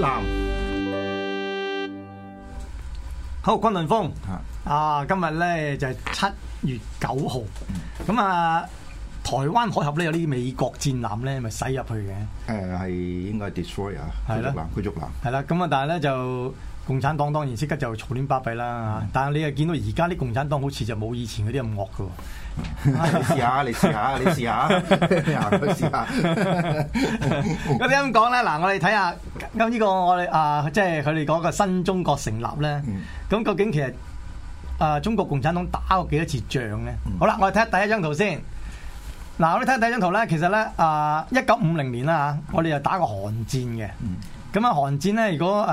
艦，好，崑崙風，啊，今呢日咧就係七月九號，咁、嗯、啊，台灣海峽咧有啲美國戰艦咧，咪駛入去嘅，誒、呃，係應該係 destroyer，驅逐艦，驅逐艦，係啦，咁啊，但係咧就。共產黨當然即刻就嘈亂巴閉啦，但係你又見到而家啲共產黨好似就冇以前嗰啲咁惡噶。你試下，你試下，你試下，你試下。咁點樣講咧？嗱，我哋睇下咁呢個我哋啊，即係佢哋嗰個新中國成立咧。咁究竟其實啊，中國共產黨打過幾多次仗咧？好啦，我哋睇下第一張圖先。嗱，我哋睇下第一張圖咧，其實咧啊，一九五零年啦吓，我哋又打過韓戰嘅。咁啊，韓戰咧，如果誒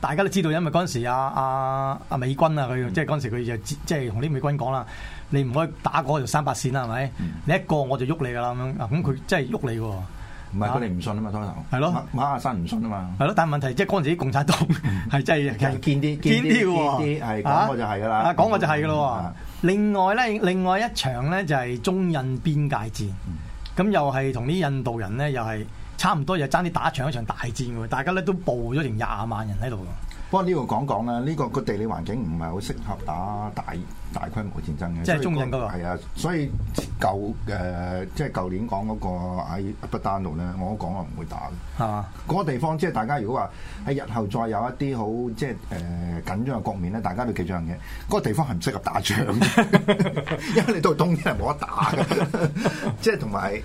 大家都知道，因為嗰陣時阿阿美軍啊，佢即係嗰陣時佢就即係同啲美軍講啦，你唔可以打嗰條三八線啦，係咪？你一過我就喐你噶啦，咁樣咁佢即係喐你喎。唔係佢哋唔信啊嘛，初頭。係咯，馬亞山唔信啊嘛。係咯，但係問題即係嗰陣時啲共產黨係真係見啲見啲見啲，係講個就係㗎啦。啊，講個就係㗎咯。另外咧，另外一場咧就係中印邊界戰，咁又係同啲印度人咧，又係。差唔多又爭啲打一場一場大戰喎，大家咧都佈咗成廿萬人喺度。不過呢度講講啦，呢個個地理環境唔係好適合打大大規模戰爭嘅。即係中印嗰個。係啊，所以舊誒即係舊年講嗰個喺不丹奴咧，我都講話唔會打嘅。係嘛？嗰個地方即係大家如果話喺日後再有一啲好即係誒緊張嘅局面咧，大家都記住嘅。嗰個地方係唔適合打仗，因為你到冬天係冇得打嘅，即係同埋。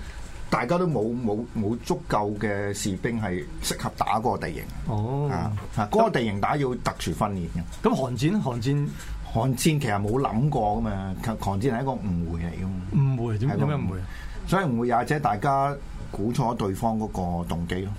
大家都冇冇冇足夠嘅士兵係適合打嗰個地形哦。啊，嗰、那個地形打要特殊訓練嘅。咁韓戰，韓戰，韓戰,韓戰其實冇諗過噶嘛。韓韓戰係一個誤會嚟嘅誤會點解誤會？誤會所以誤會，或者大家估錯對方嗰個動機咯。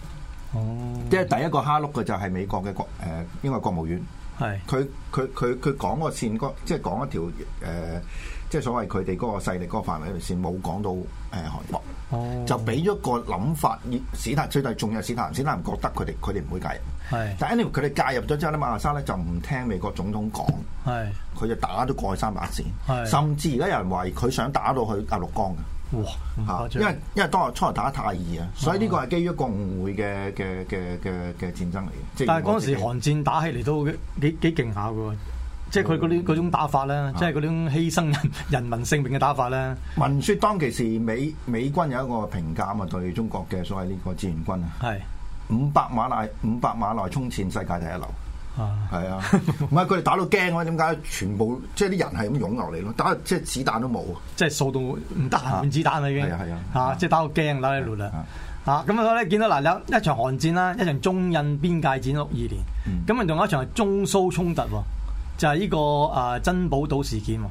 哦，即係第一個蝦碌嘅就係美國嘅國誒、呃，因為國務院係佢佢佢佢講個線，即係講一條誒、呃，即係所謂佢哋嗰個勢力嗰個範圍條線，冇講到誒韓國。Oh. 就俾咗個諗法，史塔最大重有史塔，史達唔覺得佢哋佢哋唔會介入。是但 anyway，佢哋介入咗之後咧，麥阿瑟咧就唔聽美國總統講，佢是就打咗過去三八線，是甚至而家有人話佢想打到去鴨綠江嘅哇，因為因為當日初頭打得太易啊，所以呢個係基於一個誤會嘅嘅嘅嘅嘅戰爭嚟嘅。即但係嗰陣時韓戰打起嚟都幾幾勁下嘅。即係佢嗰啲種打法啦，即係嗰種犧牲人民性命嘅打法啦。聞說當其時美美軍有一個評價啊，對中國嘅所謂呢個志願軍啊，係五百馬內五百馬內衝前，世界第一流啊，啊，唔係佢哋打到驚啊？點解？全部即係啲人係咁湧落嚟咯，打到即係子彈都冇，即係掃到唔得閒換子彈啦，已經係啊，係即係打到驚打喺度啦，啊，咁啊咧見到嗱有一場韓戰啦，一場中印邊界戰六二年，咁啊仲有一場係中蘇衝突喎。就係呢個啊珍寶島事件喎，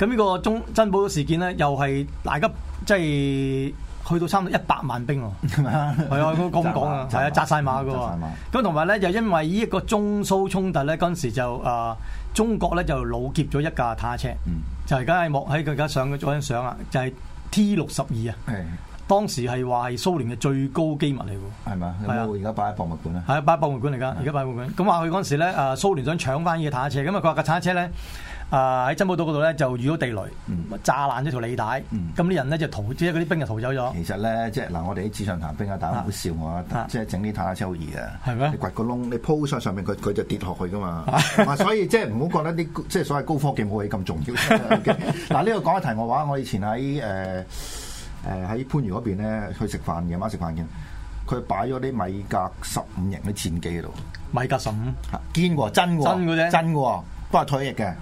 咁呢個中珍寶島事件咧，又係大家即係去到差唔多一百萬兵喎，係啊，咁講啊，係啊，紮晒馬嘅喎，咁同埋咧就因為呢一個中蘇衝突咧，嗰陣時就啊中國咧就老劫咗一架坦克車，就而家阿莫喺佢而家上咗張相啊，就係 T 六十二啊。當時係話係蘇聯嘅最高機密嚟嘅，係嘛？有冇而家擺喺博物館啊？係擺喺博物館嚟噶，而家擺喺博物館。咁話佢嗰陣時咧，啊蘇聯想搶翻呢個坦克車，咁啊佢架坦克車咧，啊喺珍寶島嗰度咧就遇咗地雷，炸爛咗條履帶，咁啲人咧就逃，即係嗰啲兵就逃走咗。其實咧，即係嗱，我哋喺紙上談兵啊，大家唔好笑我啊，即係整啲坦克車好易嘅，係咩？你掘個窿，你鋪上上面，佢佢就跌落去噶嘛。所以即係唔好覺得啲即係所謂高科技武器咁重要。嗱，呢個講一題我話，我以前喺誒。誒喺番禺嗰邊咧去食飯，夜晚食飯嘅，佢擺咗啲米格十五型啲戰機喺度，米格十五，堅喎，真喎，真嘅啫，真嘅，不過係退役嘅。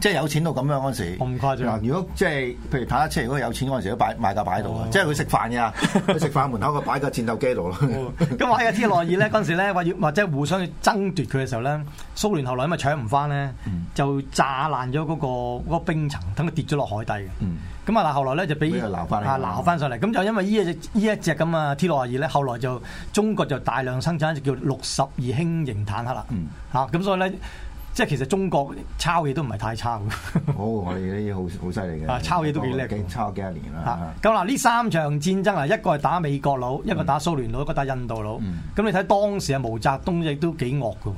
即係有錢到咁樣嗰陣時，咁誇張。如果即係譬如坦克車，如果有錢嗰陣時都擺賣架擺度嘅，哦、即係佢食飯㗎，佢食、哦、飯門口佢擺架戰鬥機度咯。咁喺架 T 六二咧嗰陣時咧話或者互相去爭奪佢嘅時候咧，蘇聯後來因為搶唔翻咧，就炸爛咗嗰、嗰個嗰個冰層，等佢跌咗落海底嘅。咁啊嗱，後來咧就俾啊撈翻上嚟，咁就因為呢一隻呢一隻咁啊 T 六二咧，2, 後來就中國就大量生產一隻叫六十二輕型坦克啦。嚇咁、嗯啊、所以咧。即係其實中國抄嘢都唔係太差 、哦，好，我哋啲好好犀利嘅。啊，抄嘢都幾叻。抄咗十幾年啦。嚇、啊，咁嗱呢三場戰爭啊，一個係打美國佬，一個打蘇聯佬，一個打印度佬。咁、嗯、你睇當時啊，毛澤東亦都幾惡嘅。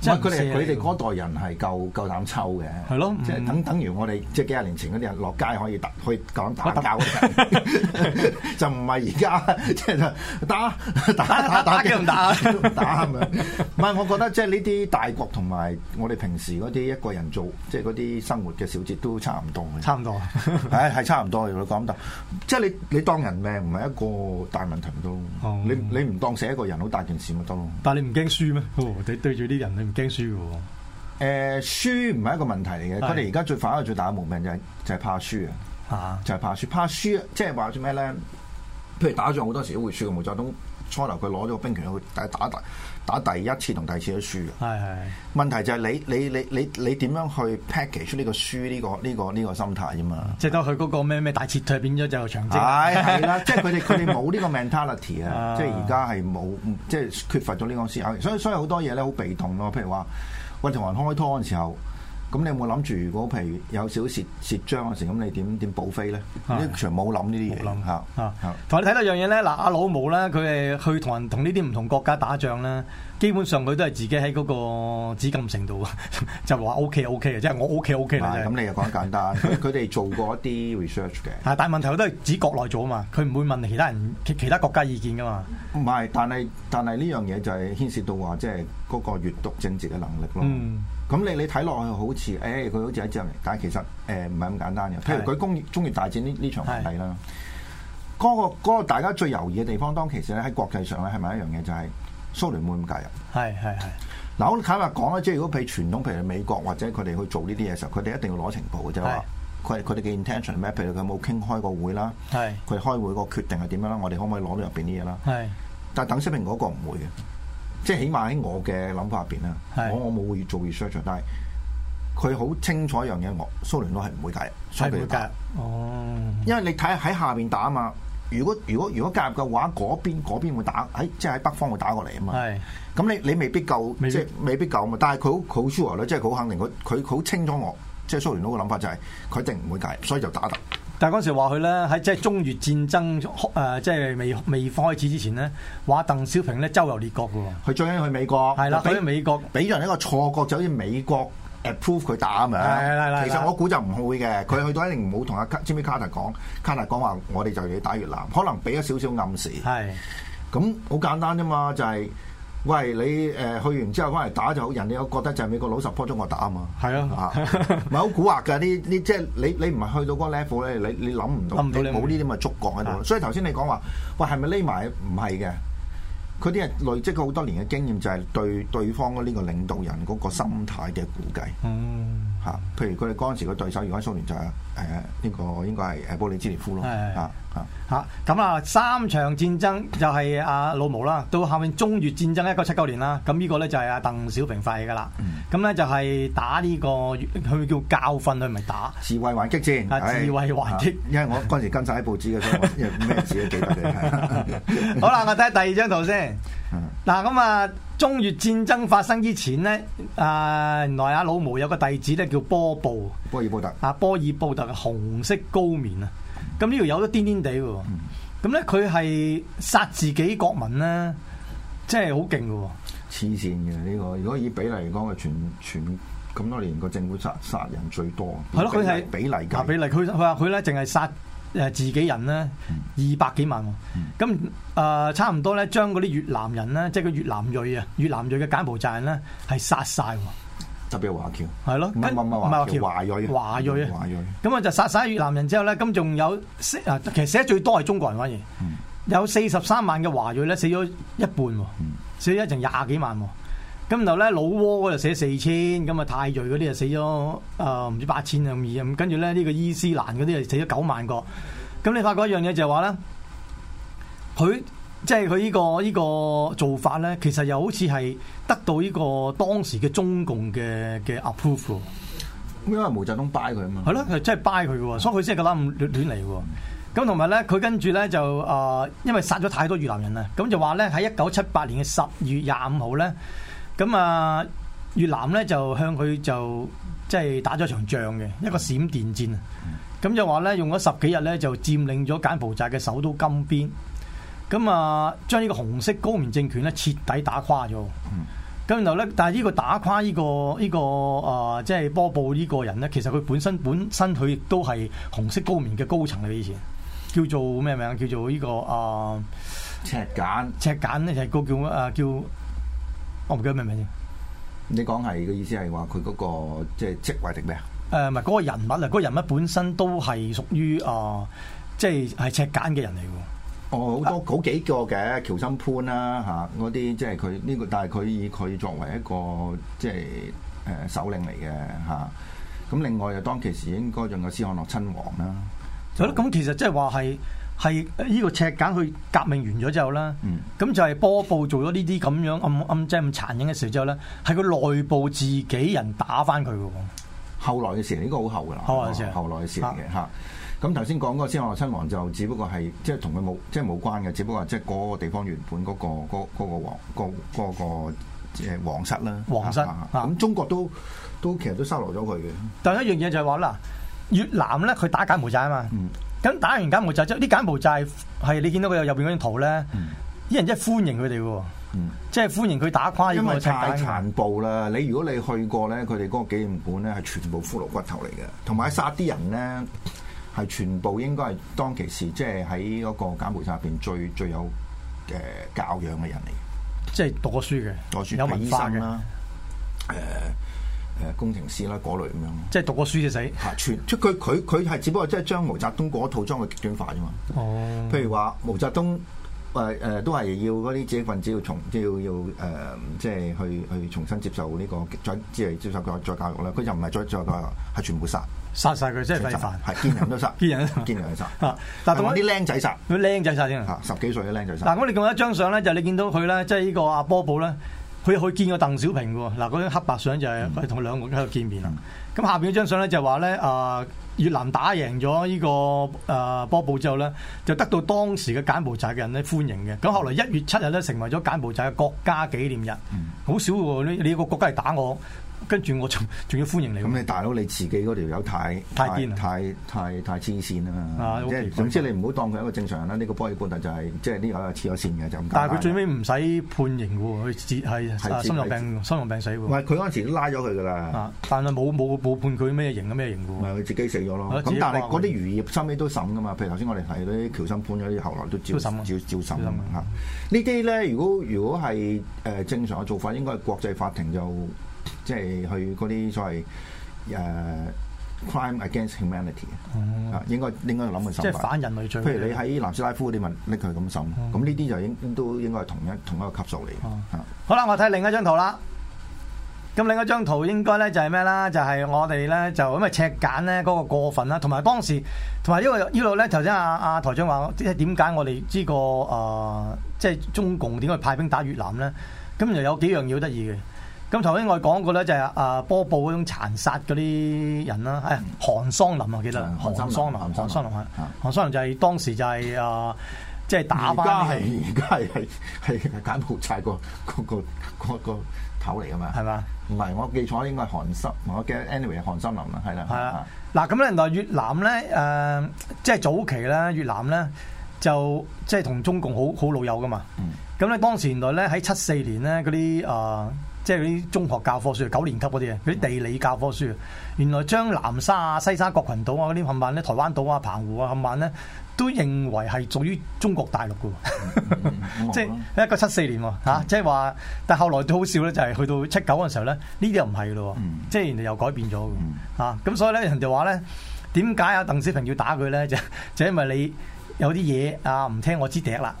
即係佢哋佢哋嗰代人係夠夠膽抽嘅，係咯，即係等等如我哋即係幾廿年前嗰啲人落街可以打去講打架，就唔係而家即係打打打打嘅唔打唔打，唔係，我覺得即係呢啲大國同埋我哋平時嗰啲一個人做，即係嗰啲生活嘅小節都差唔多，差唔多，係差唔多如果講得，即係你你當人命唔係一個大問題唔你你唔當死一個人好大件事咪得咯？但係你唔驚輸咩？你對住啲人唔驚輸嘅喎，誒、哦呃，輸唔係一個問題嚟嘅。佢哋而家最反，最大嘅毛病就係、是、就係、是、怕輸啊！吓，就係怕輸，怕輸，即係話做咩咧？譬如打仗好多時都會輸嘅，毛澤東初頭佢攞咗個兵權去打打。打第一次同第二次都輸嘅，係係是是 問題就係你你你你你點樣去 package 呢個輸呢個呢個呢個心態啫嘛，即係當佢嗰個咩咩大撤退變咗就長線，係係啦，即係佢哋佢哋冇呢個 mentality 啊，即係而家係冇即係缺乏咗呢個思考，所以所以好多嘢咧好被動咯，譬如話我同人開拖嘅時候。咁你有冇諗住？如果譬如有少少蝕蝕章嘅時，咁你點點補飛咧？呢場冇諗呢啲嘢。吓，吓。同你睇到樣嘢咧，嗱，阿老毛咧，佢係去同人同呢啲唔同國家打仗咧，基本上佢都係自己喺嗰個紫禁城度，就話 O K O K 嘅，即係我 O K O K 嘅。咁你又講簡單，佢哋做過一啲 research 嘅。但係問題佢都係指國內做啊嘛，佢唔會問其他人其其他國家意見噶嘛。唔係，但係但係呢樣嘢就係牽涉到話，即係嗰個閱讀政治嘅能力咯。咁你你睇落去好似，誒、欸、佢好似係一隻，但係其實誒唔係咁簡單嘅。譬如佢工業中越大戰呢呢場係啦，嗰是、嗰個嗰個大家最猶豫嘅地方，當其時咧喺國際上咧係咪一樣嘢？就係蘇聯會唔會介入？係係係。嗱，我坦白講啦，即係如果譬如傳統，譬如美國或者佢哋去做呢啲嘢時候，佢哋一定要攞情報嘅即係話。佢佢哋嘅 intention 咩？譬是如佢有冇傾開個會啦？係是。佢開會個決定係點樣啦？我哋可唔可以攞到入邊啲嘢啦？係是。但係鄧小平嗰個唔會嘅。即係起碼喺我嘅諗法入邊啦，我我冇會做 research，er, 但係佢好清楚一樣嘢，我蘇聯佬係唔會介入，所以唔會打。哦，因為你睇喺下邊打嘛，如果如果如果介入嘅話，嗰邊嗰邊會打喺即係喺北方會打過嚟啊嘛。係是，咁你你未必夠，即係未，必未必夠啊嘛。但係佢好佢好 sure 咧，ure, 即係佢好肯定佢佢好清楚我即係蘇聯佬嘅諗法就係、是、佢一定唔會介入，所以就打得。但嗰時話佢咧喺即係中越戰爭誒、呃、即係未未開始之前咧，話鄧小平咧周遊列國嘅喎。佢最緊要去美國，係啦，俾美國俾人一個錯覺，就好似美國 approve 佢打啊嘛。係係係。其實我估就唔會嘅，佢的去到一定唔好同阿 Jimmy Carter 講，Carter 講話我哋就要打越南，可能俾咗少少暗示。係的。咁好簡單啫嘛，就係、是。喂，你誒、呃、去完之後翻嚟打就好，人哋又覺得就係美國佬 support 中國打啊嘛。係是啊，啊，唔係好蠱惑㗎呢？呢，即係 你你唔係去到嗰 level 咧，你你諗唔到冇呢啲咁嘅觸覺喺度。所以頭先你講話，喂係咪匿埋？唔係嘅，佢啲人累積咗好多年嘅經驗，就係對對方嘅呢個領導人嗰個心態嘅估計。嗯。譬如佢哋嗰陣時嘅對手，如果蘇聯就係誒呢個應該係誒布里茲涅夫咯，啊的啊咁啊三場戰爭就係阿老毛啦，到後面中越戰爭一九七九年啦，咁呢個咧就係阿鄧小平發起㗎啦，咁咧、嗯、就係打呢、呢個佢叫教訓佢咪打自衛還擊戰，的自衛還擊，啊、因為我嗰陣時跟曬喺報紙嘅， 所以咩字都記得嘅。 好啦，我睇下第二張圖先。嗱咁啊，中越戰爭發生之前咧，啊，原來阿老毛有個弟子咧叫波布，波爾布特，啊，波爾布特嘅紅色高棉啊，咁呢度有得癲癲地嘅，咁咧佢係殺自己國民啦，真係好勁嘅，黐線嘅呢個，如果以比例嚟講，佢全全咁多年個政府殺殺人最多，係咯，佢係比例，啊比例，佢佢話佢咧淨係殺。誒自己人咧，二百幾萬喎、啊。咁誒、嗯嗯、差唔多咧，將嗰啲越南人咧，即係個越南裔啊，越南裔嘅柬埔寨人咧，係殺晒喎。特別華僑。係咯，唔係唔係華僑。華裔，華裔。咁啊裔，裔我就殺晒越南人之後咧，咁仲有，其實死得最多係中國人反而，有四十三萬嘅華裔咧，死咗一半、啊，嗯、死咗一成廿幾萬、啊。咁就咧，老撾嗰度死四千，咁啊泰裔嗰啲就死咗啊唔知八千咁易。咁跟住咧呢、呢個伊斯蘭嗰啲就死咗九萬個。咁你發覺一樣嘢就係話咧，佢即係佢呢個呢、呢個做法咧，其實又好似係得到呢個當時嘅中共嘅、嘅 approval。approved, 因為毛澤東 buy 佢啊嘛，係咯，佢真係 buy 佢，所以佢先咁樣亂亂嚟。咁同埋咧，佢跟住咧就啊、呃，因為殺咗太多越南人啦，咁就話咧喺一九七八年嘅十月廿五號咧。咁啊，越南咧就向佢就即係、就是、打咗場仗嘅，一個閃電戰啊！咁、嗯、就話咧用咗十幾日咧就佔領咗柬埔寨嘅首都金邊，咁啊將呢個紅色高棉政權咧徹底打垮咗。咁、嗯、然後咧，但係呢個打垮呢、這個呢、這個啊、呃、即係波布呢個人咧，其實佢本身本身佢亦都係紅色高棉嘅高層嚟嘅，以前叫做咩名？叫做呢、這個啊、呃、赤柬簡、呃。赤柬咧就個叫啊叫。呃我唔、哦、記得咩名先。你講係嘅意思係話佢嗰個即係職位定咩啊？誒、呃，唔係嗰個人物啊，嗰、那個人物本身都係屬於、呃哦、啊，即係係赤柬嘅人嚟嘅。哦，好多好幾個嘅喬森潘啦、啊，嚇嗰啲即係佢呢個，但係佢以佢作為一個即係誒、呃、首領嚟嘅嚇。咁、啊、另外就當其時應該仲有西哈努克親王啦、啊。好啦，咁、嗯、其實即係話係。係呢個赤柬去革命完咗之後啦，咁就係波布做咗呢啲咁樣暗暗即係咁殘忍嘅事之後咧，係佢內部自己人打翻佢嘅。後來嘅事，呢個好後噶啦，後來嘅事嚟嘅吓。咁頭先講嗰個先皇親王就只不過係即係同佢冇即係冇關嘅，只不過即係嗰個地方原本嗰個嗰個王嗰嗰個誒王室啦，王室咁中國都都其實都收留咗佢嘅。但一樣嘢就係話啦，越南咧佢打柬埔寨啊嘛。咁打完柬埔寨之後，啲柬埔寨係你見到佢入邊嗰張圖咧，啲、嗯、人真係歡迎佢哋嘅，嗯、即係歡迎佢打垮。因為太殘暴啦！你如果你去過咧，佢哋嗰個紀念館咧係全部骷髏骨頭嚟嘅，同埋殺啲人咧係全部應該係當其時即係喺嗰個柬埔寨入邊最最有誒教養嘅人嚟嘅，即係讀過書嘅，讀書有文化啦。誒。呃誒工程師啦，嗰類咁樣，即係讀過書嘅仔，全即佢佢佢係只不過即係將毛澤東嗰套裝嘅極端化啫嘛。哦，譬如話毛澤東誒誒、呃、都係要嗰啲知識分子要重要要誒、呃，即係去去重新接受呢、呢個再即係接受再教育啦。佢就唔係再再教育，係全部殺殺晒佢，殺即係廢凡，係見殺人都殺，見人見人殺，但同埋啲僆仔殺，僆仔殺先啊！十幾歲嘅僆仔殺。嗱，但我哋用一張相咧，就係、你見到佢咧，即係呢個阿波布咧。呢佢去，去見過鄧小平喎，嗱嗰張黑白相就係佢同兩個喺度見面啦。咁下邊嗰張相咧就話咧，啊、呃、越南打贏咗呢、呢個啊、呃、波布之後咧，就得到當時嘅柬埔寨嘅人咧歡迎嘅。咁後來一月七日咧成為咗柬埔寨嘅國家紀念日。好少你一個國家嚟打我。跟住我仲仲要歡迎你。咁你大佬你自己嗰條友太太癲，太太太黐線啦。即係總之你唔好當佢一個正常人啦。呢個波爾半際就係即係呢個黐咗線嘅就咁。但係佢最尾唔使判刑嘅喎，佢係心臟病心臟病死喎。唔係佢嗰陣時拉咗佢噶啦。啊，但係冇冇冇判佢咩刑嘅咩刑嘅，佢自己死咗咯。咁但係嗰啲餘孽收尾都審噶嘛？譬如頭先我哋睇啲橋心判咗啲，後來都照審照照審噶嘛。嚇，呢啲咧如果如果係誒正常嘅做法，應該係國際法庭就。即係去嗰啲所謂誒、uh, crime against humanity 啊、嗯，應該應該諗嘅審判，即係反人類罪。譬如你喺南斯拉夫啲問拎佢咁審，咁呢啲就應都應該係同一同一個級數嚟嘅。啊啊、好啦，我睇另一張圖啦。咁另一張圖應該咧就係咩啦？就係、是、我哋咧就因為赤柬咧嗰個過分啦，同埋當時同埋、呢個呢個、因為呢度咧頭先阿阿台長話即係點解我哋知、呢個誒即係中共點解派兵打越南咧？咁又有幾樣嘢好得意嘅。咁頭先我講過咧，就係阿波布嗰種殘殺嗰啲人啦，係韓桑林啊，記得韓桑桑林，韓桑林啊，韓桑林就係當時就係啊，即係打翻。而家係而家係係係柬埔寨個個個個頭嚟㗎嘛？係嘛？唔係我記錯，應該係韓森，我記 anyway 係韓桑林啊，係啦。係啊。嗱咁咧，原來越南咧誒，即係早期咧，越南咧就即係同中共好好老友㗎嘛。咁咧，當時原來咧喺七四年咧嗰啲啊。即係啲中學教科書，九年級嗰啲啊，嗰啲地理教科書啊，原來將南沙啊、西沙各群島啊嗰啲，冚唪唥咧台灣島啊、澎湖啊，冚唪唥咧都認為係屬於中國大陸噶。即係一九七四年喎，即係話，但後來都好笑咧，就係、是、去到七九嘅陣時候咧，呢啲又唔係咯。即係人哋又改變咗。嚇、啊！咁、啊、所以咧，人哋話咧，點解啊，鄧小平要打佢咧？就就是、因為你有啲嘢啊，唔聽我支笛啦。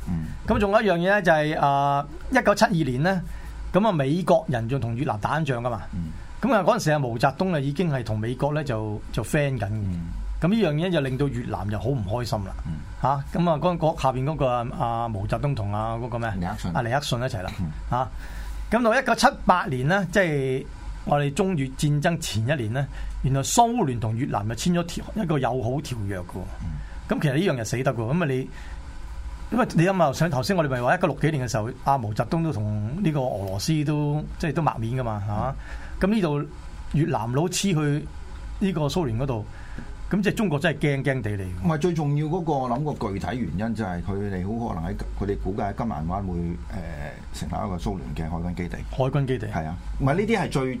咁、啊、仲有一樣嘢咧、就是，就係啊，一九七二年咧。咁啊，美國人仲同越南打仗噶嘛？咁啊、嗯，嗰陣時啊，毛澤東啊已經係同美國咧就就 friend 緊嘅。咁呢、嗯、樣嘢就令到越南就好唔開心啦。嚇、嗯！咁啊，嗰個下邊嗰個啊，毛澤東同啊嗰個咩？阿尼克遜、啊、一齊啦。嚇、嗯！咁、啊、到一九七八年呢，即、就、係、是、我哋中越戰爭前一年呢，原來蘇聯同越南咪簽咗條一個友好條約嘅。咁、嗯嗯、其實呢樣嘢死得喎，咁啊你。咁啊，你諗下，上頭先我哋咪話一九六幾年嘅時候，阿毛澤東都同呢個俄羅斯都即係都抹面噶嘛，嚇、啊！咁呢度越南佬黐去呢個蘇聯嗰度，咁即係中國真係驚驚地嚟。唔係最重要嗰、那個，我諗個具體原因就係佢哋好可能喺佢哋估計喺金蘭灣會誒、呃、成立一個蘇聯嘅海軍基地。海軍基地係啊，唔係呢啲係最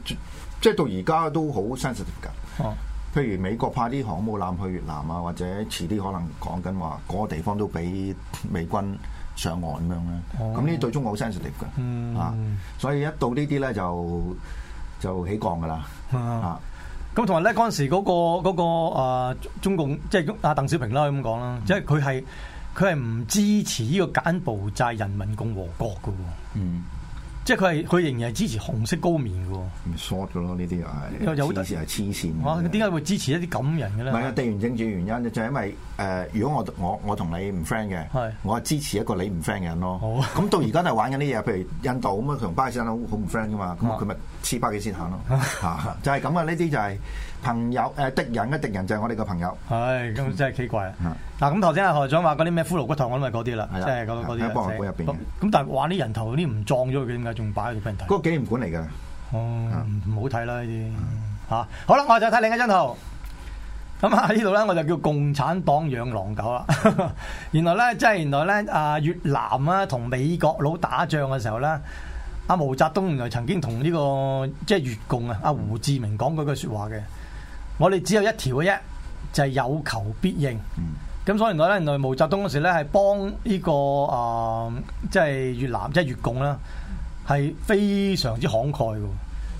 即係到而家都好 sensitive 㗎。啊譬如美國派啲航母艦去越南啊，或者遲啲可能講緊話嗰個地方都俾美軍上岸咁樣咧，咁呢、哦、對中國好 sensitive 嘅，嗯，啊，所以一到呢啲咧就就起降噶啦，啊，咁同埋咧嗰陣時嗰個中共即係阿鄧小平啦咁講啦，即係佢係佢係唔支持呢個柬埔寨人民共和國嘅喎。嗯即係佢係佢仍然係支持紅色高棉嘅喎，short 嘅咯呢啲又係有時係黐線。哇！點解、啊、會支持一啲咁人嘅咧？唔係啊，地緣政治原因就真係因為誒、呃，如果我我我同你唔 friend 嘅，我係是支持一個你唔 friend 嘅人咯。好咁、哦、到而家都係玩緊啲嘢，譬如印度咁啊，同巴，巴基斯坦好唔 friend 嘅嘛，咁佢咪黐巴基斯坦咯？就係咁啊！呢啲 就係朋友誒、呃、敵人嘅敵人就係我哋嘅朋友。唉，咁真係奇怪啊！ 嗱咁，頭先阿何長話嗰啲咩骷髏骨頭，嗯、我諗係嗰啲啦，即係嗰啲博物館入邊。咁、就是啊、但係話啲人頭嗰啲唔撞咗佢點解仲擺喺度俾人睇？嗰個紀念館嚟噶。哦，唔好睇啦呢啲。吓、嗯啊，好啦，我就睇另一張圖。咁啊喺、啊、呢度啦，我就叫共產黨養狼狗啦。 原來咧，即、就、係、是、原來咧，阿越南啊同美國佬打仗嘅時候咧，阿、啊、毛澤東原來曾經同呢、這個即係越共啊阿胡志明講嗰句說話嘅。我哋只有一條嘅啫，就係、是、有求必應。咁所以原來咧，原來毛澤東嗰時咧係幫呢、呢個誒、呃，即係越南即係越共啦，係非常之慷慨嘅。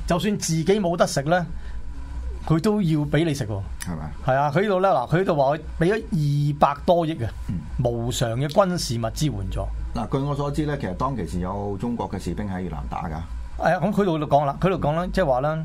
就算自己冇得食咧，佢都要俾你食喎。係嘛吧？係啊，佢呢度咧嗱，佢呢度話佢俾咗二百多億嘅、嗯、無償嘅軍事物支援咗。嗱、嗯，據我所知咧，其實當其時有中國嘅士兵喺越南打㗎。係咁，佢度就講啦，佢度講咧，即係話咧。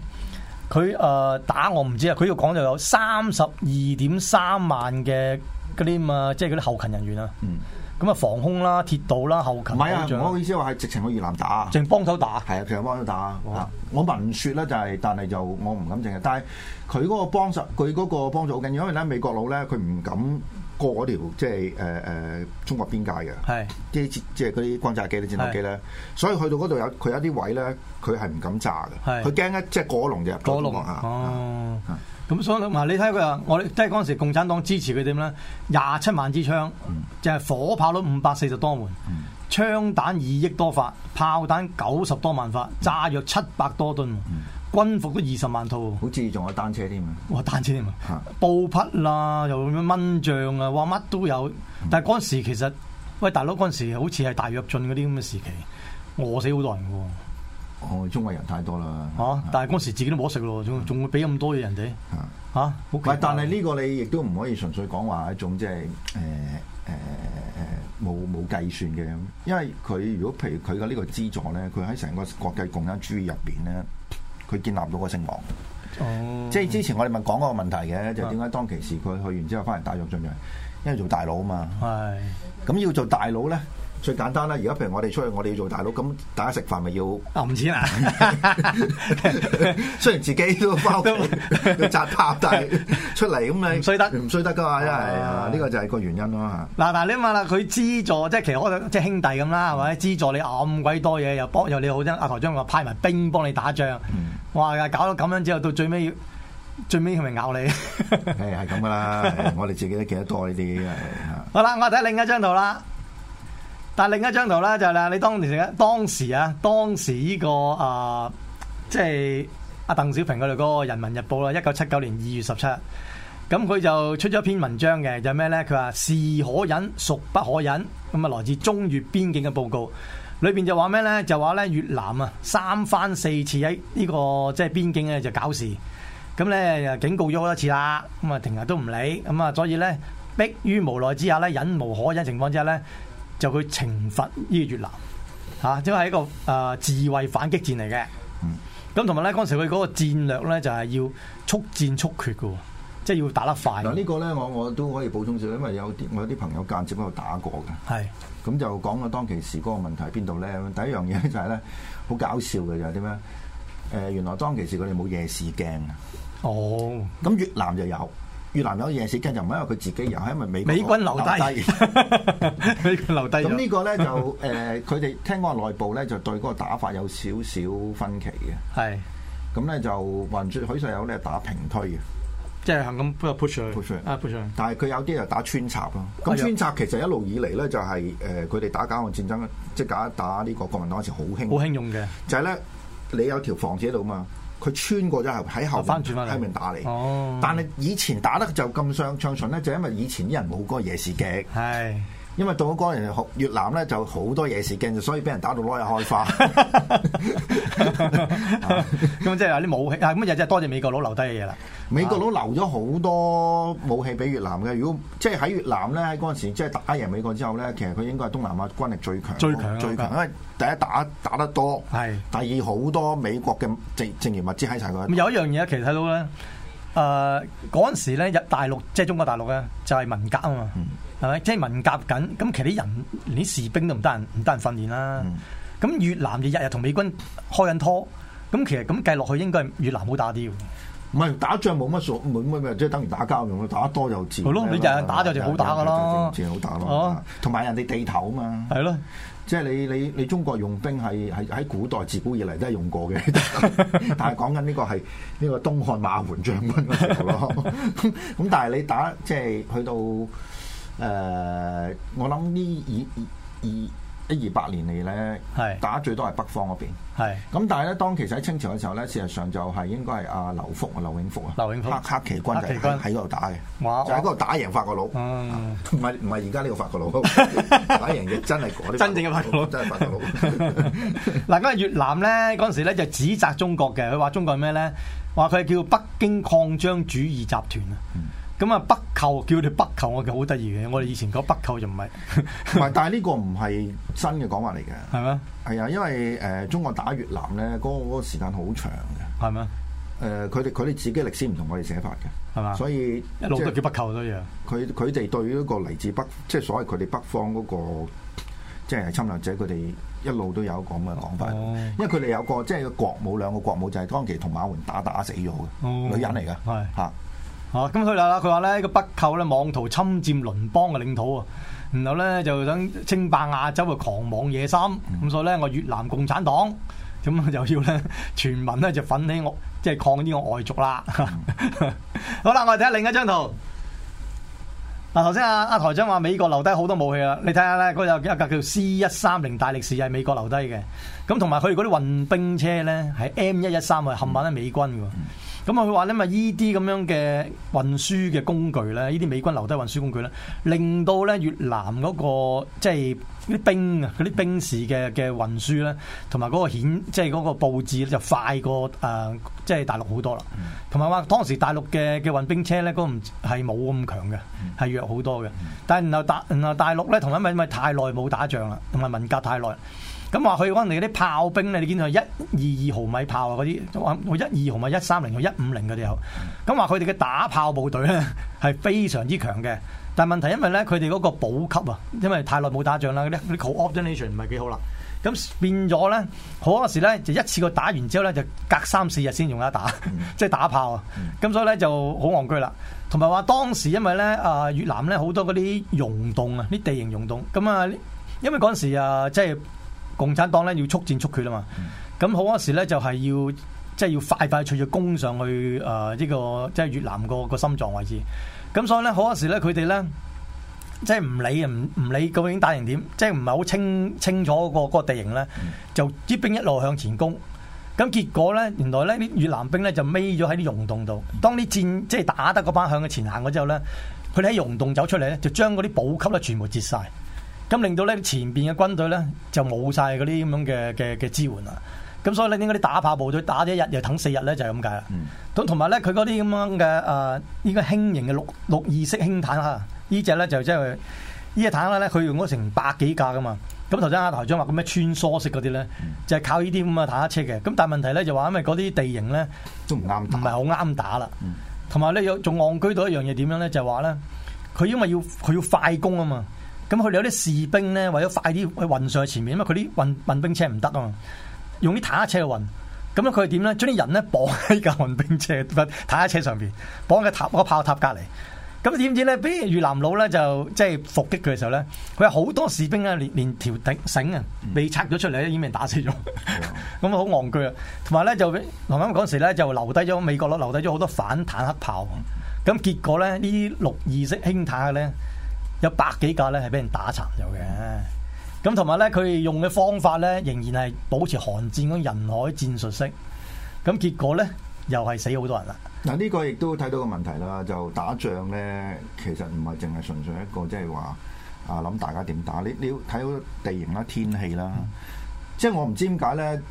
佢誒、呃、打我唔知啊，佢要講就有三十二點三萬嘅嗰啲咁啊，即係啲後勤人員啊。嗯，咁啊，防空啦、鐵道啦、後勤。唔係啊，有我嘅意思話係直情去越南打啊，淨幫手打。係啊，淨幫手打、哦、啊。我聞説咧就係、是，但係就我唔敢淨係。但係佢嗰個幫助，佢嗰個幫助好緊要，因為咧美國佬咧佢唔敢。過嗰條即係誒誒中國邊界嘅，啲即係嗰啲轟炸機、啲戰鬥機咧，所以去到嗰度有佢有啲位咧，佢係唔敢炸嘅，佢驚一即係過龍就入咗龍啊！哦，咁所以嗱，你睇佢我哋即係嗰陣時共產黨支持佢點咧？廿七萬支槍，就係火炮都五百四十多門，槍彈二億多發，炮彈九十多萬發，炸藥七百多噸。軍服都二十萬套，好似仲有單車添、啊、哇，單車添啊！布匹啦、啊，又蚊帳啊，哇，乜都有。但係嗰陣時其實，喂，大佬嗰陣時好似係大躍進嗰啲咁嘅時期，餓死好多人嘅、啊、喎、哦。中國人太多啦。嚇、啊！但係嗰時自己都冇得食咯，仲仲會俾咁多嘢人哋嚇？嚇、啊？啊、但係呢個你亦都唔可以純粹講話一種即係誒誒誒冇冇計算嘅，因為佢如果譬如佢嘅呢個資助咧，佢喺成個國際共產主義入邊咧。佢建立唔到個聲望，即係之前我哋問講嗰個問題嘅，就點、是、解當其時佢去完之後翻嚟打越戰嘅？因為做大佬啊嘛，咁係要做大佬咧。最簡單啦！而家譬如我哋出去，我哋要做大佬，咁大家食飯咪要攬錢啊！ 雖然自己都包都砸不塔，但係出嚟咁你唔衰得，唔衰得㗎嘛！真、哎、係啊，呢個就係個原因咯，嗱嗱，啊、你話啦，佢資助即係其實我即係兄弟咁啦，係咪？資助你咁鬼多嘢，又幫又你好啫。阿台將話派埋兵幫你打仗，嗯、哇！搞到咁樣之後，到最尾要，最尾係咪咬你。係係咁㗎啦，我哋自己都記得多呢啲好啦，我睇另外另外一張圖啦。啊，另一張圖咧就係啦，你當年時啊，啊，當時依、呢個啊，即係阿鄧小平嗰度、嗰個《人民日報》啦，一九七九年二月十七，咁佢就出咗一篇文章嘅，就咩、係、咧？佢話：是可忍，孰不可忍？咁啊，來自中越邊境嘅報告，裏邊就話咩咧？就話咧，越南啊，三番四次喺呢個即係邊境咧就搞事，咁咧警告咗好多次啦，咁啊，成日都唔理，咁啊，所以咧，迫於無奈之下咧，忍無可忍情況之下咧。就佢懲罰呢個越南，嚇、啊，即係一個誒、呃、自衛反擊戰嚟嘅。咁同埋咧，嗰陣時佢嗰個戰略咧就係、是、要速戰速決嘅喎，即、就、係、是、要打得快。嗱，呢個咧我我都可以補充少，因為有啲我有啲朋友間接喺度打過嘅。係是。咁就講啊，當其時嗰個問題邊度咧？第一樣嘢就係、是、咧，好搞笑嘅就係點樣？誒、呃，原來當其時佢哋冇夜視鏡啊。哦。咁越南就有。越南有夜市，跟就唔係因為佢自己人，係因為美美軍留低，留低。咁呢個咧就誒，佢哋聽講內部咧就對嗰個打法有少少分歧嘅。係。咁咧就話住許世友咧打平推嘅，即係行咁 push push 去，但係佢有啲就打穿插咯。咁穿插其實一路以嚟咧就係誒，佢哋打解放戰爭，即係打打呢個國民黨嗰時好興，好興用嘅，就係咧你有條防線度嘛。佢穿過咗後，喺後面喺面打你。但係以前打得就咁相暢順咧，就因為以前啲人冇嗰個夜視鏡。因為到咗嗰陣時，越南咧就好多嘢，事戰就所以俾人打到攞嚟開花。咁即係話啲武器，啊咁又真係多謝美國佬留低嘅嘢啦。美國佬留咗好多武器俾越南嘅。如果即係喺越南咧，嗰陣時即係打贏美國之後咧，其實佢應該係東南亞軍力最強、最強、最強。因為第一打打得多，係是第二好多美國嘅政政權物資喺晒佢。有一樣嘢其實睇到咧。誒，嗰陣、呃、時咧入大陸即係中國大陸啊，就係、是、文革啊嘛，係咪、嗯？即係文革緊，咁其實啲人連啲士兵都唔得人唔得人訓練啦。咁、嗯、越南就日日同美軍開緊拖，咁其實咁計落去應該係越南好打啲嘅。唔係打仗冇乜所冇乜乜即係等於打交用，咯，打多就自然。係咯，你就係打就自然好打噶啦，自然好打咯。同埋人哋地頭啊嘛。係咯，即係你你你中國用兵係係喺古代自古以嚟都係用過嘅， 但係講緊呢個係呢、呢個東漢馬援將軍咁 但係你打即係去到誒、呃，我諗呢二二二。喺二百年嚟咧，打最多係北方嗰邊。係咁，但係咧，當其實喺清朝嘅時候咧，事實上就係應該係阿劉福啊、劉永福啊、劉永福啊、黑黑旗軍就喺喺嗰度打嘅，就喺嗰度打贏法國佬。唔係唔係，而家呢個法國佬，打贏嘅真係嗰啲真正嘅法國佬真係法國佬。嗱，咁啊越南咧嗰陣時咧就指責中國嘅，佢話中國係咩咧？話佢係叫北京擴張主義集團啊。咁啊北寇叫你北寇，我就好得意嘅。我哋以前講北寇就唔係是，唔係。 但係呢個唔係新嘅講法嚟嘅。係咩？係啊，因為誒、呃，中國打越南咧，嗰個嗰個時間好長嘅。係咩嗎？誒、呃，佢哋佢哋自己歷史唔同我哋寫法嘅，係嘛嗎？所以一路都叫北寇多嘢。佢佢哋對一個嚟自北，即係所謂佢哋北方嗰、那個，即、就、係、是、侵略者，佢哋一路都有一個咁嘅講法。哦、因為佢哋有個即係個國母，兩個國母就係當時同馬援打，打打死咗嘅、嗯、女人嚟嘅，係吓是。啊！咁佢啦啦，佢話咧呢個北寇咧妄圖侵占鄰邦嘅領土啊，然後咧就想稱霸亞洲嘅狂妄野心，咁所以咧我越南共產黨咁就要咧全民咧就奮起我即係抗呢個外族啦。好啦，我哋睇下另一張圖。嗱，頭先阿阿台長話美國留低好多武器啊，你睇下咧嗰個有一架叫 C 一三零大力士係美國留低嘅，咁同埋佢嗰啲運兵車咧係 M 一一三啊，冚唪唥都係美軍嘅。咁啊，佢話咧咪呢啲咁樣嘅運輸嘅工具咧，呢啲美軍留低運輸工具咧，令到咧越南嗰個即係啲兵啊，嗰啲兵士嘅嘅運輸咧，同埋嗰個顯即係嗰個佈置咧就快過誒即係大陸好多啦。同埋話當時大陸嘅嘅運兵車咧，嗰唔係冇咁強嘅，係弱好多嘅。但係然後大然後大陸咧，同因為因為太耐冇打仗啦，同埋文革太耐。咁話佢揾嚟啲炮兵咧，你見到一二二毫米炮啊，嗰啲我一二毫米、一三零、一五零嗰啲有。咁話佢哋嘅打炮部隊咧係非常之強嘅，但係問題因為咧佢哋嗰個補給啊，因為太耐冇打仗啦，嗰啲嗰啲 organisation 唔係幾好啦。咁變咗咧，好多時咧就一次過打完之後咧，就隔三四日先用一打，即係 打炮。啊。咁所以咧就好戇居啦。同埋話當時因為咧啊越南咧好多嗰啲溶洞啊，啲地形溶洞。咁啊，因為嗰陣時啊，即係。共產黨咧要速戰速決啊嘛，咁好多時咧就係、是、要即係、就是、要快快脆脆攻上去，誒、呃、呢、這個即係、就是、越南個、那個心臟位置，咁所以咧好多時咧佢哋咧即係唔理唔唔理，理究竟打成點，即係唔係好清清楚、那個、那個地形咧，就支兵一路向前攻，咁結果咧原來咧啲越南兵咧就匿咗喺啲溶洞度，當啲戰即係打得嗰班向嘅前行咗之後咧，佢哋喺溶洞走出嚟咧就將嗰啲補給咧全部截晒。咁令到咧前邊嘅軍隊咧就冇晒嗰啲咁樣嘅嘅嘅支援啦。咁所以咧，呢個啲打炮部隊打咗一日又等四日咧、嗯，就係咁解啦。咁同埋咧，佢嗰啲咁樣嘅誒，應該輕型嘅六六二式輕坦啊，呢隻咧就即係呢隻坦克咧，佢、就是、用咗成百幾架噶嘛。咁頭先阿台長話咁咩穿梭式嗰啲咧，就係靠呢啲咁嘅坦克車嘅。咁但係問題咧就話，因為嗰啲地形咧都唔啱，唔係好啱打啦。同埋咧又仲戇居到一樣嘢點樣咧，就係話咧，佢因為要佢要，要快攻啊嘛。咁佢哋有啲士兵咧，為咗快啲去運上去前面，因為佢啲運運兵車唔得啊嘛，用啲坦克車去運。咁咧佢點咧？將啲人咧綁喺架運兵車、坦克車上邊，綁喺塔嗰炮塔隔籬。咁點知咧？俾越南佬咧就即係伏擊佢嘅時候咧，佢有好多士兵咧連連條頂繩啊被拆咗出嚟咧，已經俾人打死咗。咁啊好戇居啊！同埋咧就啱啱嗰時咧就留低咗美國佬，留低咗好多反坦克炮。咁結果咧呢啲六二式輕坦克咧。有百幾架咧，係俾人打殘咗嘅。咁同埋咧，佢用嘅方法咧，仍然係保持韓戰咁人海戰術式。咁結果咧，又係死好多人啊！嗱，呢個亦都睇到個問題啦。就打仗咧，其實唔係淨係純粹一個即係話啊諗大家點打，你你要睇好地形啦、天氣啦、嗯。即係我唔知點解咧，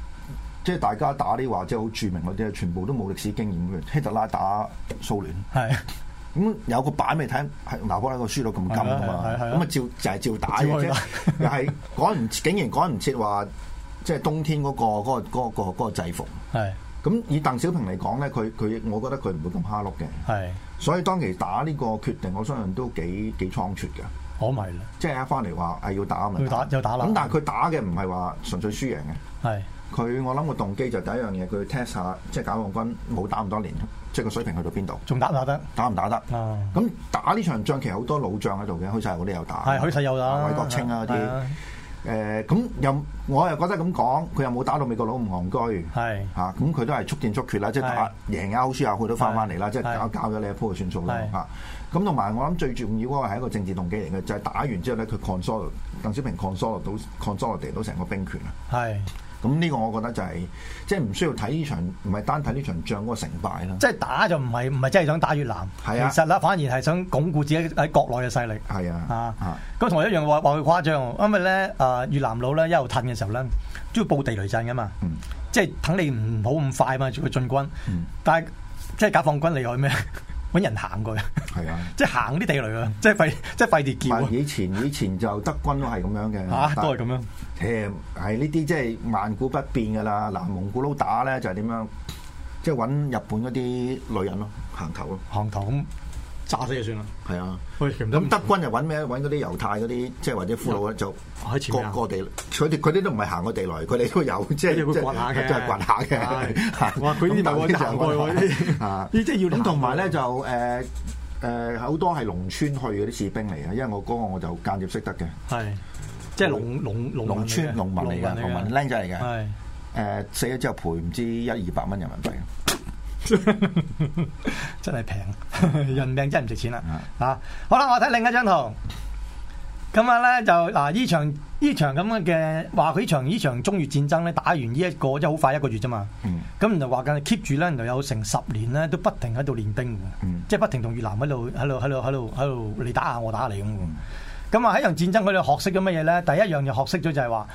即係大家打啲話即係好著名嗰啲全部都冇歷史經驗嘅。希特拉打蘇聯係。 咁、嗯、有個板未睇，拿破崙個輸到咁金噶嘛？咁啊照就係照,照,照打嘅啫，又係趕唔竟然趕唔切話，即係冬天嗰、那個嗰、那個那個那個那個制服。係咁的、嗯、以鄧小平嚟講咧，佢佢，我覺得佢唔會咁蝦碌嘅。係的，所以當其打呢個決定，我相信都幾幾倉促嘅。可唔係即係一返嚟話係要打咪？要打打咁但係佢打嘅唔係話純粹輸贏嘅。係佢，我諗個動機就第一樣嘢，佢 test 下，即係解放軍冇打咁多年。即係個水平去到邊度？仲打唔打得？打唔打得？咁打呢場仗其實好多老將喺度嘅，許世友都有打。係，許世友啦，韋國清啊嗰啲。誒，咁又我又覺得咁講，佢又冇打到美國佬唔戇居。係嚇，咁佢都係速戰速決啦，即係打贏啊，好輸啊，佢都翻翻嚟啦，即係搞搞咗你一波嘅算數啦嚇。咁同埋我諗最重要嗰個係一個政治動機嚟嘅，就係打完之後咧，佢 consolidate 鄧小平 consolidate 到 consolidate 到成個兵權啊。係。咁呢個我覺得就係、係、即係唔需要睇呢場，唔係單睇呢場仗嗰個成敗啦。即係打就唔係唔係真係想打越南，係啊、其實啦，反而係想鞏固自己喺國內嘅勢力。係係啊，啊，係啊，咁同我一樣話話佢誇張，因為咧啊越南佬咧一路褪嘅時候咧，都要佈地雷陣㗎嘛，嗯、即係等你唔好咁快嘛，做佢進軍。嗯、但係即係解放軍嚟開咩？搵人行過，係 是啊，即係行啲地雷啊，即係費，即係費碟叫、啊。以前以前就德軍都係咁樣嘅，吓、啊、但都係咁樣。誒、呃，係呢啲即係萬古不變噶啦。嗱，蒙古佬打咧就係點樣，即係搵日本嗰啲女人咯、啊，行頭咯、啊。炸死就算啦。係啊。咁德軍就揾咩？揾嗰啲猶太嗰啲，即係或者俘虜咧，就各個地。佢哋佢啲都唔係行過地雷，佢哋都有，即係即掘下嘅。都係掘下嘅。佢啲係行過嗰啲。呢啲要。咁同埋咧就誒誒好多係農村去嗰啲士兵嚟嘅，因為我個我就間接識得嘅。係。即係農農農村農民嚟嘅農民僆仔嚟嘅。係。誒死咗之後賠唔知一二百蚊人民幣。 真係平，人命真係唔值錢啦。啊，好啦，我睇另一張圖。咁啊咧就嗱，呢、嗯、場呢場咁嘅話佢場呢場中越戰爭咧打完呢、這、一個、嗯、即係好快一個月啫嘛。咁就話緊 keep 住咧，就有成十年咧都不停喺度練兵，即係、嗯、不停同越南喺度喺度喺度喺度嚟，打下我打你咁。咁啊喺場戰爭佢哋學識咗乜嘢咧？第一樣學懂懂就學識咗就係話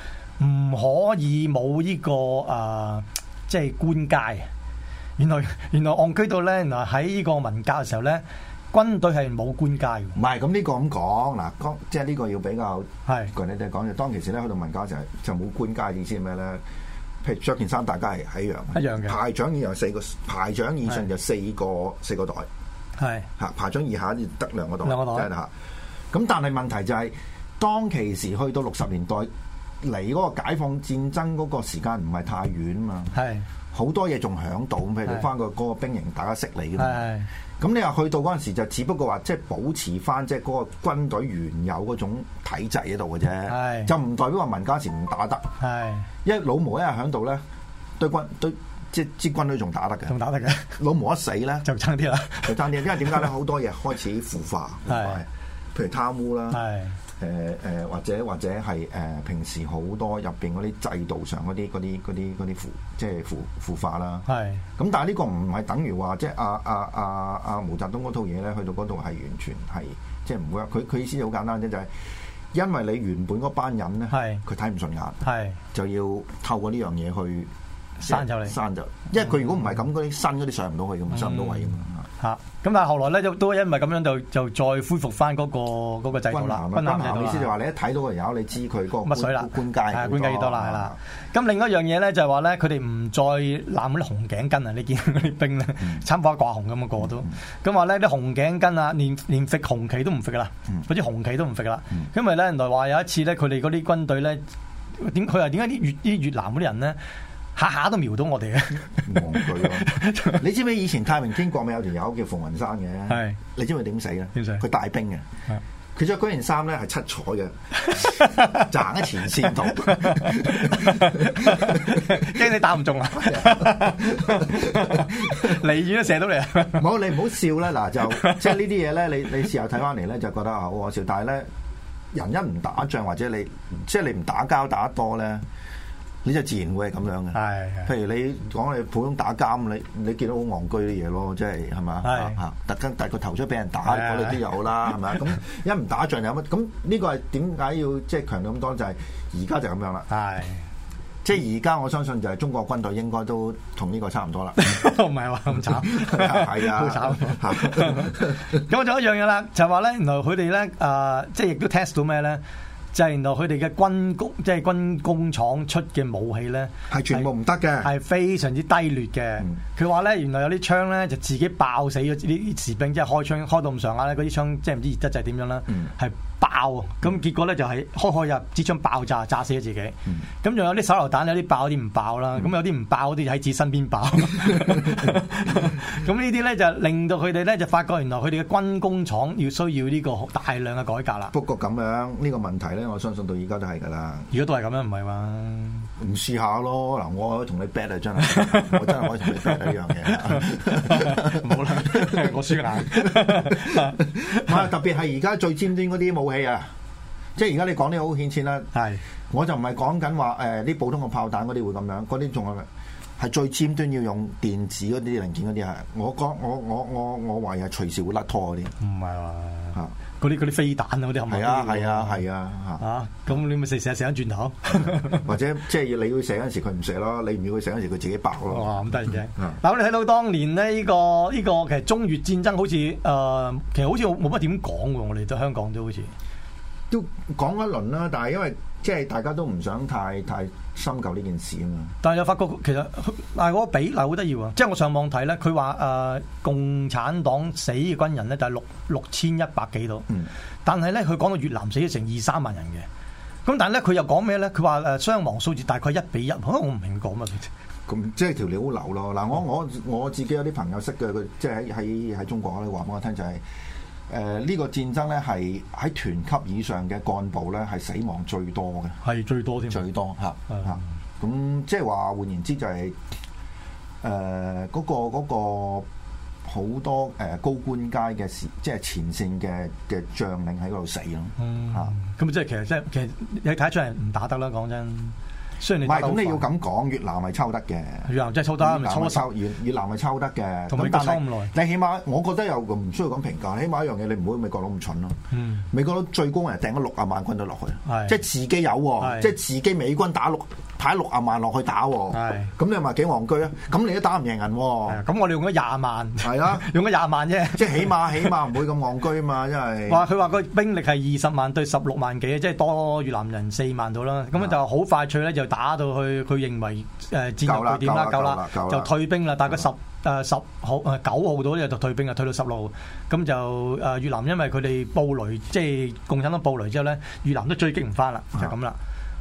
唔可以冇呢、這個誒、呃呃呃、即係、這個呃呃、官階。原來原來安居到咧，嗱喺呢個文革嘅時候咧，軍隊係冇官階。唔係咁呢個咁講，嗱，當、啊、即係呢個要比較係。據你哋講，當其時咧去到文革嘅時候，就冇官階意思係咩咧？譬如着件衫，大家係係一樣，一樣嘅。排長以上四個，排長以上就四個是四個袋，係吓是排長以下得兩個袋，兩是個袋真係吓。咁但係問題就係、是、當其時去到六十年代。嚟嗰個解放戰爭嗰個時間唔係太遠啊嘛，係好多嘢仲響度，咁譬如你翻個嗰兵營大家識你嘅嘛，咁你又去到嗰陣時就只不過話即係保持翻即係嗰個軍隊原有嗰種體制喺度嘅啫，就唔代表話文家時唔打得，因為老毛一日喺度咧，對軍對即係支軍隊仲打得嘅，仲打得嘅，老毛一死咧就爭啲啦，就爭啲，因為點解咧好多嘢開始腐化，同譬如貪污啦。誒誒，或者或者係誒，平時好多入邊嗰啲制度上嗰啲嗰啲嗰啲嗰啲腐，即係腐腐化啦。係。咁但係呢個唔係等於話，即係阿阿阿阿毛澤東嗰套嘢咧，去到嗰度係完全係即係唔會啊。佢佢意思好簡單啫，就係、是、因為你原本嗰班人咧，佢睇唔順眼，係是 就要透過呢樣嘢去刪走掉你刪走掉，因為佢如果唔係咁嗰啲新嗰啲上唔到去咁上唔到位。是的 吓，咁但係後來咧，都都因為咁樣就就再恢復翻嗰個個制度啦。軍銜制度。意思就話你一睇到個友，你知佢個。乜水啦？官階官階要多大啦？咁另一樣嘢咧就係話咧，佢哋唔再攬啲紅頸巾啊！你見嗰啲兵咧，參花掛紅咁樣過都。咁話咧，啲紅頸巾啊，連連摵紅旗都唔摵噶啦，嗰啲紅旗都唔摵噶啦。因為咧，原來話有一次咧，佢哋嗰啲軍隊咧，點佢話點解啲越啲越南嗰啲人咧？下下都瞄到我哋嘅、啊啊，望佢咯。你知唔知以，以前太平天國咪有條友叫馮雲山嘅？係的，你知唔知點死咧？點死？佢帶兵嘅，佢着嗰件衫咧係七彩嘅， 就行喺前線度，驚 你打唔中啊！離遠都射到你啊！唔好，你唔好笑啦！嗱，就即係呢啲嘢咧，你你事後睇翻嚟咧，就覺得好可笑。但係咧，人一唔打仗或者你即係你唔打交打得多咧。呢就 自然會係咁樣嘅。譬如你講你普通打監，你你見到好戇居啲嘢咯，即係係咪？嚇嚇是。 特登，但個頭出俾人打，我哋都有啦、啊，係咪？咁一唔打仗有乜？咁呢個係點解要即係強調咁多？就係而家就咁樣啦。係即係而家，我相信就係中國軍隊應該都同呢個差唔多啦。唔係話咁慘，係 啊，好 慘。咁仲有一樣嘢啦，就話、是、咧，原來佢哋咧啊，即係亦都 test 到咩咧？就係原來佢哋嘅軍工，即係軍工廠出嘅武器咧，係全部唔得嘅，係非常之低劣嘅。佢話咧，原來有啲槍咧就自己爆死咗啲士兵，即係開槍開到咁上下咧，嗰啲槍即係唔知熱得滯係點樣啦，係、嗯。爆，咁結果咧就係開開入支槍爆炸，炸死咗自己。咁仲、嗯、有啲手榴彈有啲爆，有啲唔爆啦。咁有啲唔爆嗰啲就喺自己身邊爆。咁呢啲咧就令到佢哋咧就發覺，原來佢哋嘅軍工廠要需要呢個大量嘅改革啦。不過咁樣呢、這個問題咧，我相信到而家都係㗎啦。如果都係咁樣，唔係嘛？唔試下咯嗱，我同你 bet 啊，真係 我真係可以同你 bet 呢樣嘢，冇啦，我輸啦！啊，特別係而家最尖端嗰啲武器啊，即係而家你講啲好顯淺啦。係是，我就唔係講緊話誒啲普通嘅炮彈嗰啲會咁樣，嗰啲仲係。係最尖端要用電子嗰啲零件嗰啲啊！我講我我我我話係隨時會甩拖嗰啲，唔係啊！嚇，嗰啲嗰啲飛彈啊嗰啲，係啊係啊係啊嚇！咁你咪食成日成轉頭， 或者即係、就是、你要射嗰陣時佢唔射咯，你唔要佢射嗰陣時佢自己爆咯。咁得、哦、然啫！嗱、啊，我哋睇到當年呢、這、依個呢、這個其實中越戰爭好似誒、呃，其實好似冇乜點講喎。我哋都香港好都好似都講一輪啦，但係因為即係、就是、大家都唔想太太。深究呢件事啊嘛，但係又發覺其實，但係嗰個比例好得意喎，即係我上網睇咧，佢話誒共產黨死嘅軍人咧就係六六千一百幾度。嗯但呢，但係咧佢講到越南死咗成二三萬人嘅，咁但係咧佢又講咩咧？佢話誒傷亡數字大概一比一，可能我唔明佢講乜嘅，咁即係條料好流咯。嗱， 我我我自己有啲朋友識嘅，佢即係喺喺喺中國咧話俾我聽就係、是。誒呢、呃這個戰爭咧，係喺團級以上嘅幹部咧，係死亡最多嘅，係最多添，最多嚇嚇。咁、嗯啊、即係話換言之、就係，就係誒嗰個好、嗰個、多誒高官階嘅時，即係前線嘅嘅將領喺嗰度死咯。啊、嗯，咁即係其實即係其實你睇得出係唔打得啦，講真。唔係，咁你，你要咁講，越南係抽得嘅。越南真係抽，抽，抽得，唔抽美。越越南係抽得嘅，同佢爭咁耐。你起碼，我覺得又唔需要講評價。起碼一樣嘢，你唔好美國佬咁蠢咯、啊。嗯，美國佬最高人掟咗六啊萬軍都落去，是的 即係自己有喎、哦，是的 即係自己美軍打六。派六十萬落去打喎，咁是你又咪幾戇居啊？咁你都打唔贏人喎、啊，咁我哋用咗廿萬，係啦的， 用咗廿萬啫，即係起碼起碼唔會咁戇居啊嘛，因為話佢話個兵力係二十萬對十六萬幾，即係多越南人四萬到啦，咁就好快脆咧就打到去，佢認為誒戰鬥據點啦，夠啦，夠就退兵啦，了大概十誒十號誒九號到就退兵啊，退到十六號，咁就誒越南因為佢哋布雷即係共產黨布雷之後咧，越南都追擊唔翻啦，就咁、是、啦。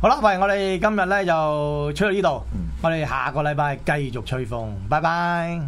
好啦，喂！我哋今日咧就吹到呢度，嗯、我哋下個禮拜繼續吹風，拜拜。